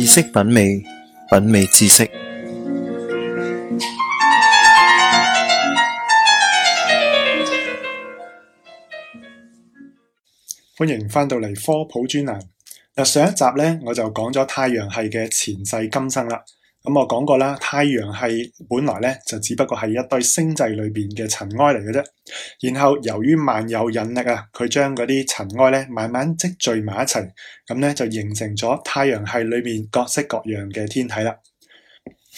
知識品味，品味知識。歡迎翻到嚟科普專欄。嗱，上一集咧，我就講咗太陽系嘅前世今生啦。咁我講過啦，太陽系本來咧就只不過係一堆星際裏邊嘅塵埃嚟嘅啫。然後由於萬有引力啊，佢將嗰啲塵埃咧慢慢積聚埋一齊，咁咧就形成咗太陽系裏邊各式各樣嘅天體啦。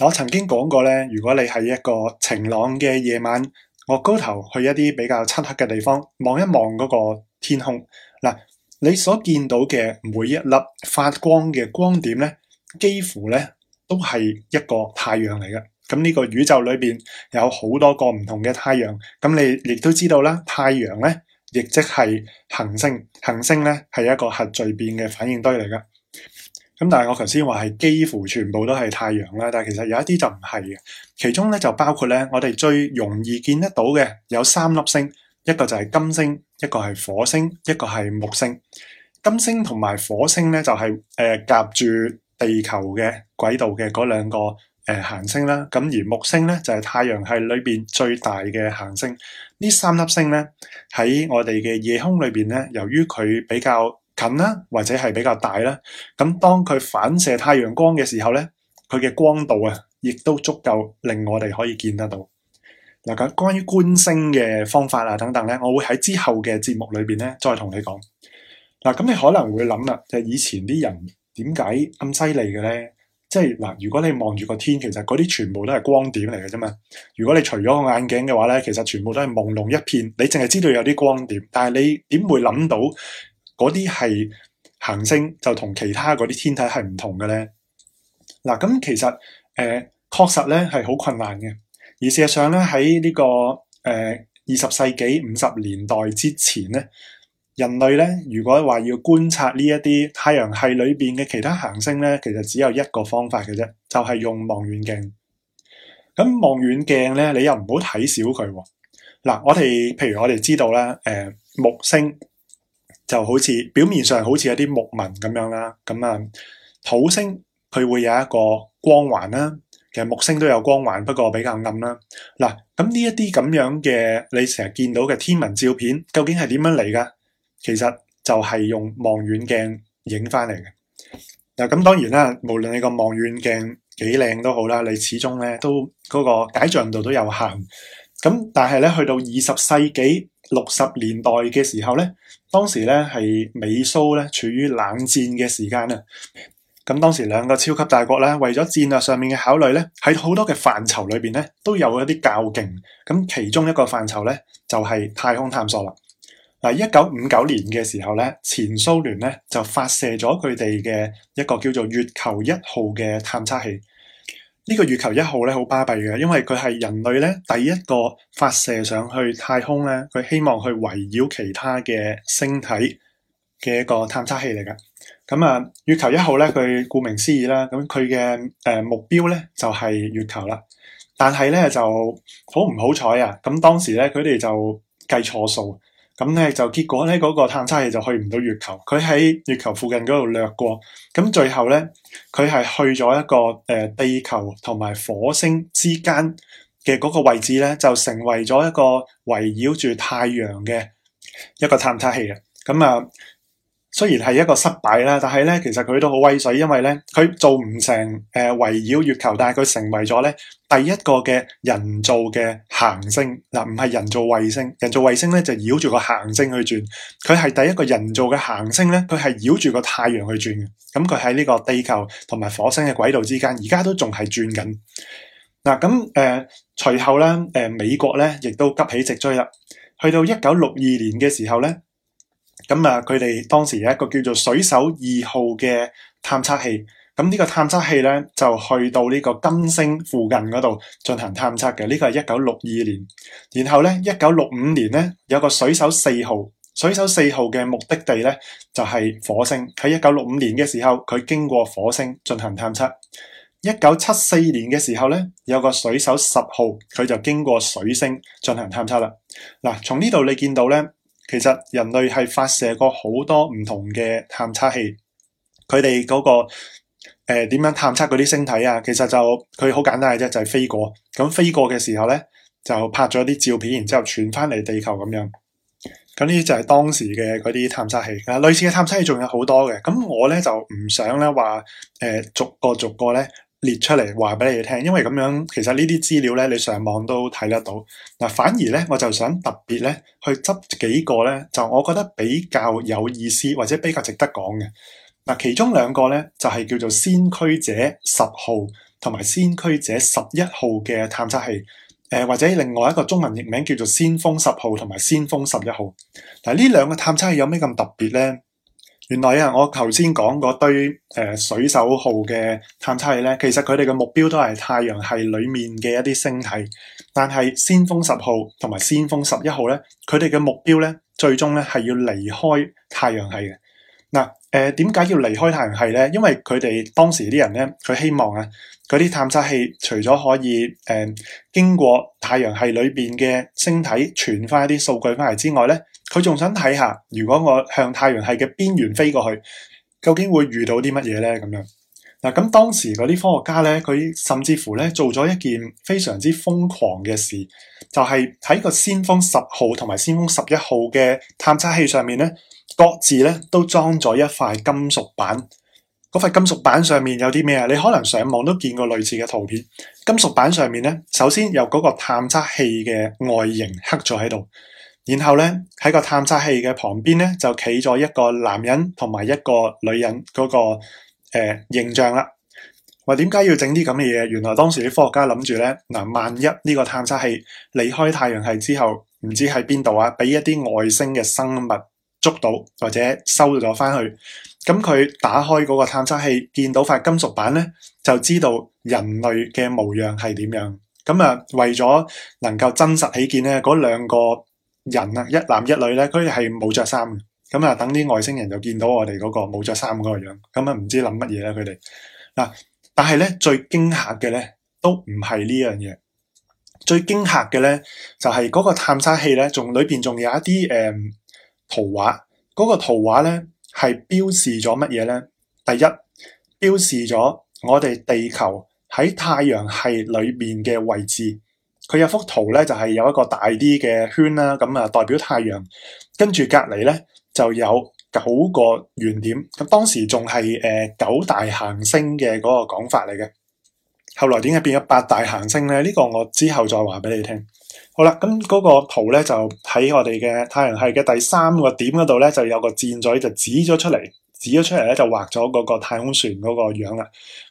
我曾經講過咧，如果你喺一個晴朗嘅夜晚，我高頭去一啲比較漆黑嘅地方望一望嗰個天空嗱，你所見到嘅每一粒發光嘅光點咧，幾乎咧。都係一個太陽嚟嘅，咁呢個宇宙裏邊有好多個唔同嘅太陽，咁你亦都知道啦，太陽咧亦即係恆星，恆星咧係一個核聚變嘅反應堆嚟噶，咁但係我頭先話係幾乎全部都係太陽啦，但係其實有一啲就唔係嘅，其中咧就包括咧我哋最容易見得到嘅有三粒星，一個就係金星，一個係火星，一個係木星，金星同埋火星咧就係誒夾住地球嘅軌道嘅嗰兩個誒，呃，行星啦，咁而木星咧就係、是、太陽系裏邊最大嘅行星。三星呢三粒星咧喺我哋嘅夜空裡邊咧，由於佢比較近啦，或者係比較大啦，咁當佢反射太陽光嘅時候咧，佢嘅光度啊，亦都足夠令我哋可以見得到。嗱咁關於觀星嘅方法啊等等咧，我會喺之後嘅節目裡邊咧再同你講。嗱咁你可能會諗啦，就係、是、以前啲人。點解咁犀利嘅咧？即係嗱，如果你望住個天，其實嗰啲全部都係光點嚟嘅啫嘛。如果你除咗個眼鏡嘅話咧，其實全部都係朦朧一片，你淨係知道有啲光點，但係你點會諗到嗰啲係行星就同其他嗰啲天體係唔同嘅咧？嗱，咁其實誒、呃，確實咧係好困難嘅。而事實上咧，喺呢個誒二十世紀五十年代之前咧。人類咧，如果話要觀察呢一啲太陽系裏邊嘅其他行星咧，其實只有一個方法嘅啫，就係用望遠鏡。咁望遠鏡咧，你又唔好睇小佢。嗱，我哋譬如我哋知道啦，誒木星就好似表面上好似一啲木紋咁樣啦。咁啊土星佢會有一個光環啦。其實木星都有光環，不過比較暗啦。嗱，咁呢一啲咁樣嘅你成日見到嘅天文照片，究竟係點樣嚟噶？其實就係用望遠鏡影翻嚟嘅。嗱，咁當然啦，無論你個望遠鏡幾靚都好啦，你始終咧都嗰個解像度都有限。咁但係咧去到二十世紀六十年代嘅時候咧，當時咧係美蘇咧處於冷戰嘅時間啊。咁當時兩個超級大國咧，為咗戰略上面嘅考慮咧，喺好多嘅範疇裏面咧，都有一啲較勁。咁其中一個範疇咧，就係太空探索啦。嗱，一九五九年嘅時候咧，前蘇聯咧就發射咗佢哋嘅一個叫做月球一號嘅探測器。呢個月球一號咧好巴閉嘅，因為佢係人類咧第一個發射上去太空咧，佢希望去圍繞其他嘅星體嘅一個探測器嚟嘅。咁啊，月球一號咧，佢顧名思義啦，咁佢嘅誒目標咧就係月球啦。但係咧就好唔好彩啊，咁當時咧佢哋就計錯數。咁咧就結果咧嗰個探測器就去唔到月球，佢喺月球附近嗰度掠過，咁最後咧佢係去咗一個誒地球同埋火星之間嘅嗰個位置咧，就成為咗一個圍繞住太陽嘅一個探測器啊！咁啊～雖然係一個失敗啦，但係咧，其實佢都好威水，因為咧，佢做唔成誒圍繞月球，但係佢成為咗咧第一個嘅人造嘅行星，嗱唔係人造衛星，人造衛星咧就繞住個行星去轉，佢係第一個人造嘅行星咧，佢係繞住個太陽去轉嘅，咁佢喺呢個地球同埋火星嘅軌道之間，而家都仲係轉緊。嗱咁誒，隨後咧，誒美國咧亦都急起直追啦，去到一九六二年嘅時候咧。咁啊，佢哋當時有一個叫做水手二號嘅探測器，咁呢個探測器咧就去到呢個金星附近嗰度進行探測嘅，呢個係一九六二年。然後咧，一九六五年咧有個水手四號，水手四號嘅目的地咧就係火星，喺一九六五年嘅時候，佢經過火星進行探測。一九七四年嘅時候咧有個水手十號，佢就經過水星進行探測啦。嗱，從呢度你見到咧。其實人類係發射過好多唔同嘅探測器，佢哋嗰個誒點樣探測嗰啲星體啊？其實就佢好簡單嘅啫，就係飛過。咁飛過嘅時候咧，就拍咗啲照片，然之後傳翻嚟地球咁樣。咁呢啲就係當時嘅嗰啲探測器啊。類似嘅探測器仲有好多嘅。咁我咧就唔想咧話誒逐個逐個咧，列出嚟話俾你哋聽，因為咁樣其實呢啲資料咧，你上網都睇得到。嗱，反而咧，我就想特別咧去執幾個咧，就我覺得比較有意思或者比較值得講嘅。嗱，其中兩個咧就係叫做先驅者十號同埋先驅者十一號嘅探測器，誒、呃、或者另外一個中文譯名叫做先鋒十號同埋先鋒十一號。嗱，呢兩個探測器有咩咁特別咧？原來啊，我頭先講嗰堆誒、呃、水手號嘅探測器咧，其實佢哋嘅目標都係太陽系裏面嘅一啲星體。但係先鋒十號同埋先鋒十一號咧，佢哋嘅目標咧，最終咧係要離開太陽系嘅。嗱、啊、誒，點、呃、解要離開太陽系咧？因為佢哋當時啲人咧，佢希望啊，嗰啲探測器除咗可以誒、呃、經過太陽系裏邊嘅星體傳翻一啲數據翻嚟之外咧。佢仲想睇下，如果我向太陽系嘅邊緣飛過去，究竟會遇到啲乜嘢呢？咁樣嗱，咁當時嗰啲科學家呢，佢甚至乎呢做咗一件非常之瘋狂嘅事，就係喺個先鋒十號同埋先鋒十一號嘅探測器上面呢，各自呢都裝咗一塊金屬板。嗰塊金屬板上面有啲咩啊？你可能上網都見過類似嘅圖片。金屬板上面呢，首先有嗰個探測器嘅外形刻咗喺度。然後咧喺個探測器嘅旁邊咧就企咗一個男人同埋一個女人嗰、那個誒、呃、形象啦。話點解要整啲咁嘅嘢？原來當時啲科學家諗住咧嗱，萬一呢個探測器離開太陽系之後唔知喺邊度啊，俾一啲外星嘅生物捉到或者收咗翻去，咁佢打開嗰個探測器見到塊金屬板咧，就知道人類嘅模樣係點樣。咁啊為咗能夠真實起見咧，嗰兩個。人啊，一男一女咧，佢哋係冇着衫嘅，咁啊等啲外星人就見到我哋嗰個冇着衫嗰個樣，咁啊唔知諗乜嘢咧佢哋嗱，但係咧最驚嚇嘅咧都唔係呢樣嘢，最驚嚇嘅咧就係、是、嗰個探測器咧，仲裏邊仲有一啲誒、嗯、圖畫，嗰、那個圖畫咧係標示咗乜嘢咧？第一，標示咗我哋地球喺太陽系裏邊嘅位置。佢有幅圖咧，就係有一個大啲嘅圈啦，咁啊代表太陽，跟住隔離咧就有九個圓點，咁當時仲係誒九大行星嘅嗰個講法嚟嘅。後來點解變咗八大行星咧？呢個我之後再話俾你聽。好啦，咁嗰個圖咧就喺我哋嘅太陽系嘅第三個點嗰度咧，就有個箭嘴就指咗出嚟，指咗出嚟咧就畫咗嗰個太空船嗰個樣啦。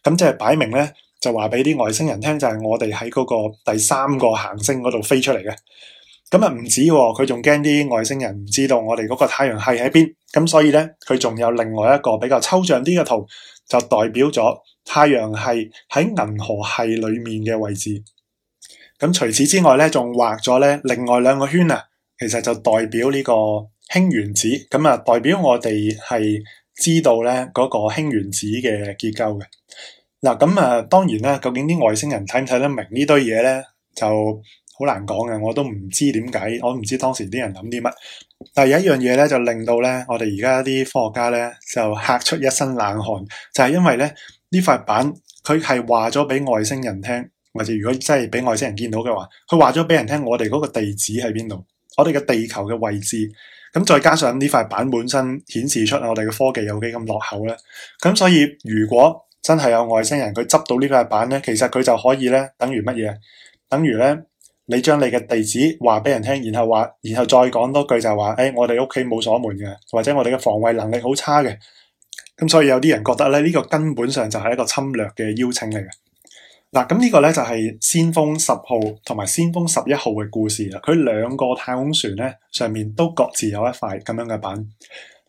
咁即係擺明咧。就話俾啲外星人聽，就係我哋喺嗰個第三個行星嗰度飛出嚟嘅。咁啊，唔止，佢仲驚啲外星人唔知道我哋嗰個太陽系喺邊。咁所以呢，佢仲有另外一個比較抽象啲嘅圖，就代表咗太陽系喺銀河系裏面嘅位置。咁除此之外呢，仲畫咗呢另外兩個圈啊，其實就代表呢個氫原子。咁啊，代表我哋係知道呢嗰個氫原子嘅結構嘅。嗱，咁啊，當然啦，究竟啲外星人睇唔睇得明呢堆嘢咧，就好難講嘅。我都唔知點解，我都唔知當時啲人諗啲乜。但係有一樣嘢咧，就令到咧，我哋而家啲科學家咧就吓出一身冷汗，就係因為咧，呢塊板佢係話咗俾外星人聽，或者如果真係俾外星人見到嘅話，佢話咗俾人聽我哋嗰個地址喺邊度，我哋嘅地球嘅位置。咁再加上呢塊板本身顯示出我哋嘅科技有幾咁落後咧，咁所以如果真係有外星人，佢執到呢塊板呢，其實佢就可以呢，等於乜嘢？等於呢，你將你嘅地址話俾人聽，然後話，然後再講多句就話，誒、哎，我哋屋企冇鎖門嘅，或者我哋嘅防衛能力好差嘅。咁所以有啲人覺得呢，呢、這個根本上就係一個侵略嘅邀請嚟嘅。嗱，咁呢個呢，就係、是、先鋒十號同埋先鋒十一號嘅故事啦。佢兩個太空船呢，上面都各自有一塊咁樣嘅板。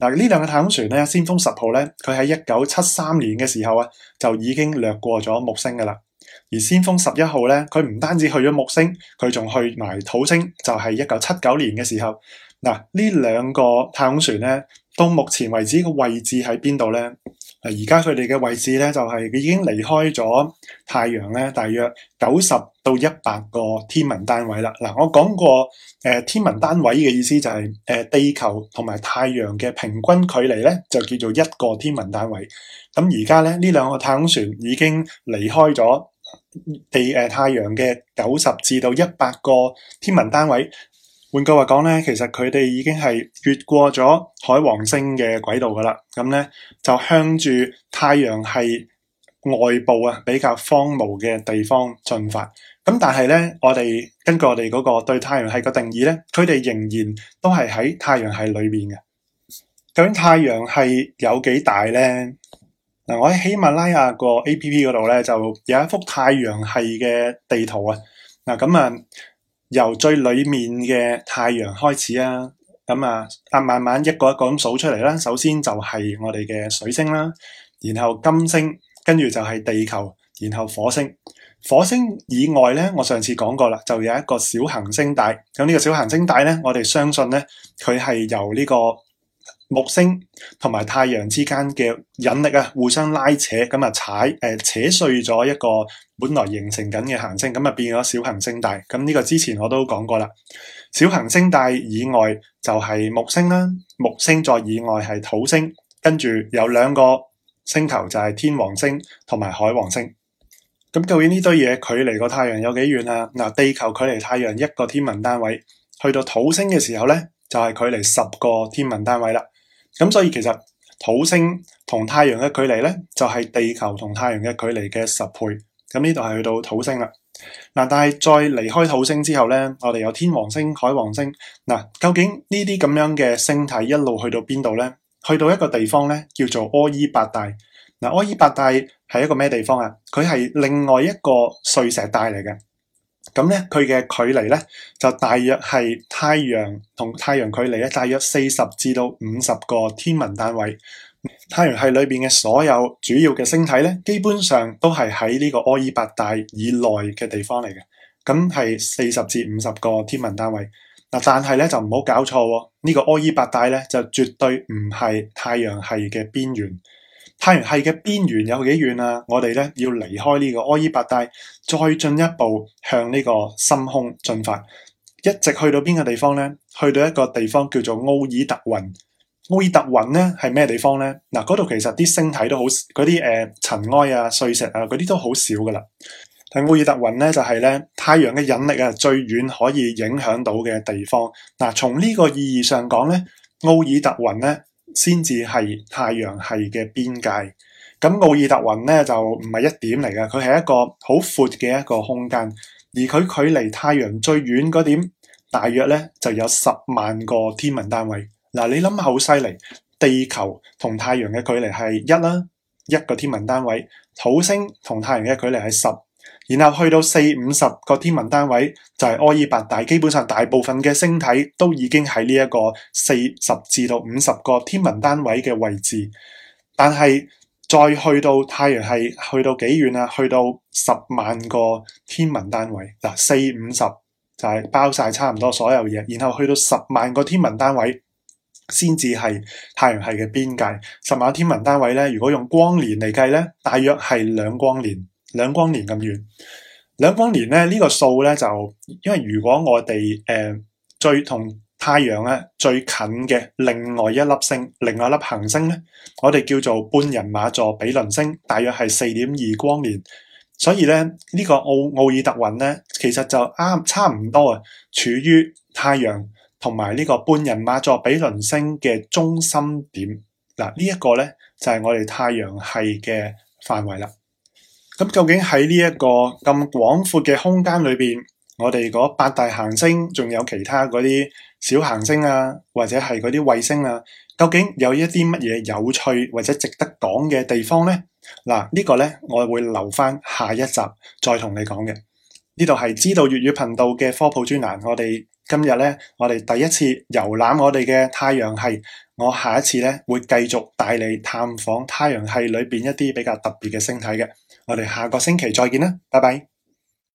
嗱，呢兩個太空船咧，先鋒十號咧，佢喺一九七三年嘅時候啊，就已經掠過咗木星㗎喇。而先鋒十一號咧，佢唔單止去咗木星，佢仲去埋土星，就係一九七九年嘅時候。嗱，呢兩個太空船咧，到目前為止個位置喺邊度咧？啊！而家佢哋嘅位置咧，就係已經離開咗太陽咧，大約九十到一百個天文單位啦。嗱，我講過，誒、呃，天文單位嘅意思就係、是，誒、呃，地球同埋太陽嘅平均距離咧，就叫做一個天文單位。咁而家咧，呢兩個太空船已經離開咗地誒、呃、太陽嘅九十至到一百個天文單位。換句話講咧，其實佢哋已經係越過咗海王星嘅軌道噶啦，咁咧就向住太陽系外部、啊比較荒蕪嘅地方進發。咁但係咧，我哋根據我哋嗰個對太陽系個定義咧，佢哋仍然都係喺太陽系裏面嘅。究竟太陽系有幾大咧？嗱，我喺喜馬拉雅個 APP 度咧，就有一幅太陽系嘅地圖啊。嗱，咁啊～由最裏面嘅太陽開始啊，咁啊，慢慢一個一個咁數出嚟啦，首先就係我哋嘅水星啦，然後金星，跟住就係地球，然後火星。火星以外呢，我上次講過啦，就有一個小行星帶，咁呢個小行星帶呢，我哋相信呢，佢係由呢個木星同埋太陽之間嘅引力啊，互相拉扯，咁啊踩誒、呃、扯碎咗一個本來形成緊嘅行星，咁啊變咗小行星帶。咁呢個之前我都講過啦。小行星帶以外就係木星啦，木星再以外係土星，跟住有兩個星球就係天王星同埋海王星。咁究竟呢堆嘢距離個太陽有幾遠啊？嗱，地球距離太陽一個天文單位，去到土星嘅時候咧，就係、是、距離十個天文單位啦。咁所以其實土星同太陽嘅距離咧，就係地球同太陽嘅距離嘅十倍。咁呢度係去到土星啦。嗱，但係再離開土星之後咧，我哋有天王星、海王星。嗱，究竟呢啲咁樣嘅星體一路去到邊度咧？去到一個地方咧，叫做柯伊伯帶。嗱，柯伊伯帶係一個咩地方啊？佢係另外一個碎石帶嚟嘅。咁咧，佢嘅距離咧就大約係太陽同太陽距離咧，大約四十至到五十個天文單位。太陽系裏邊嘅所有主要嘅星體咧，基本上都係喺呢個柯伊伯帶以內嘅地方嚟嘅。咁係四十至五十個天文單位，嗱，但係咧就唔好搞錯喎，呢個柯伊伯帶咧，就絕對唔係太陽系嘅邊緣。太陽系嘅邊緣有幾遠啊？我哋咧要離開呢個柯伊伯帶，再進一步向呢個深空進發，一直去到邊個地方咧？去到一個地方叫做奧爾特雲。奧爾特雲咧係咩地方咧？嗱、啊，嗰度其實啲星體都好，嗰啲誒塵埃啊、碎石啊嗰啲都好少噶啦。但奧爾特雲咧就係、是、咧，太陽嘅引力啊，最遠可以影響到嘅地方。嗱、啊，從呢個意義上講咧，奧爾特雲咧，先至係太陽系嘅邊界，咁奧爾特雲咧就唔係一點嚟㗎，佢係一個好闊嘅一個空間，而佢距離太陽最遠嗰點大約咧就有十萬個天文單位。嗱，你諗下好犀利，地球同太陽嘅距離係一啦，一個天文單位，土星同太陽嘅距離係十。然後去到四五十個天文單位，就係柯伊伯帶。基本上大部分嘅星體都已經喺呢一個四十至到五十個天文單位嘅位置。但係再去到太陽系，去到幾遠啊？去到十萬個天文單位嗱，就是、四五十就係、是、包晒差唔多所有嘢。然後去到十萬個天文單位，先至係太陽系嘅邊界。十萬個天文單位咧，如果用光年嚟計咧，大約係兩光年。兩光年咁遠，兩光年咧呢、呢個數咧就，因為如果我哋誒、呃、最同太陽咧最近嘅另外一粒星，另外一粒行星咧，我哋叫做半人馬座比鄰星，大約係四點二光年。所以咧呢、呢個奧奧爾特雲咧，其實就啱、啊、差唔多啊，處於太陽同埋呢個半人馬座比鄰星嘅中心點。嗱、呢個，呢一個咧就係、係、我哋太陽系嘅範圍啦。咁究竟喺呢一個咁廣闊嘅空間裏邊，我哋嗰八大行星，仲有其他嗰啲小行星啊，或者係嗰啲衛星啊，究竟有一啲乜嘢有趣或者值得講嘅地方呢？嗱，呢個呢，我會留翻下一集再同你講嘅。呢度係知道粵語頻道嘅科普專欄，我哋今日呢，我哋第一次遊覽我哋嘅太陽系，我下一次呢，會繼續帶你探訪太陽系裏邊一啲比較特別嘅星體嘅。我哋下個星期再見啦，拜拜。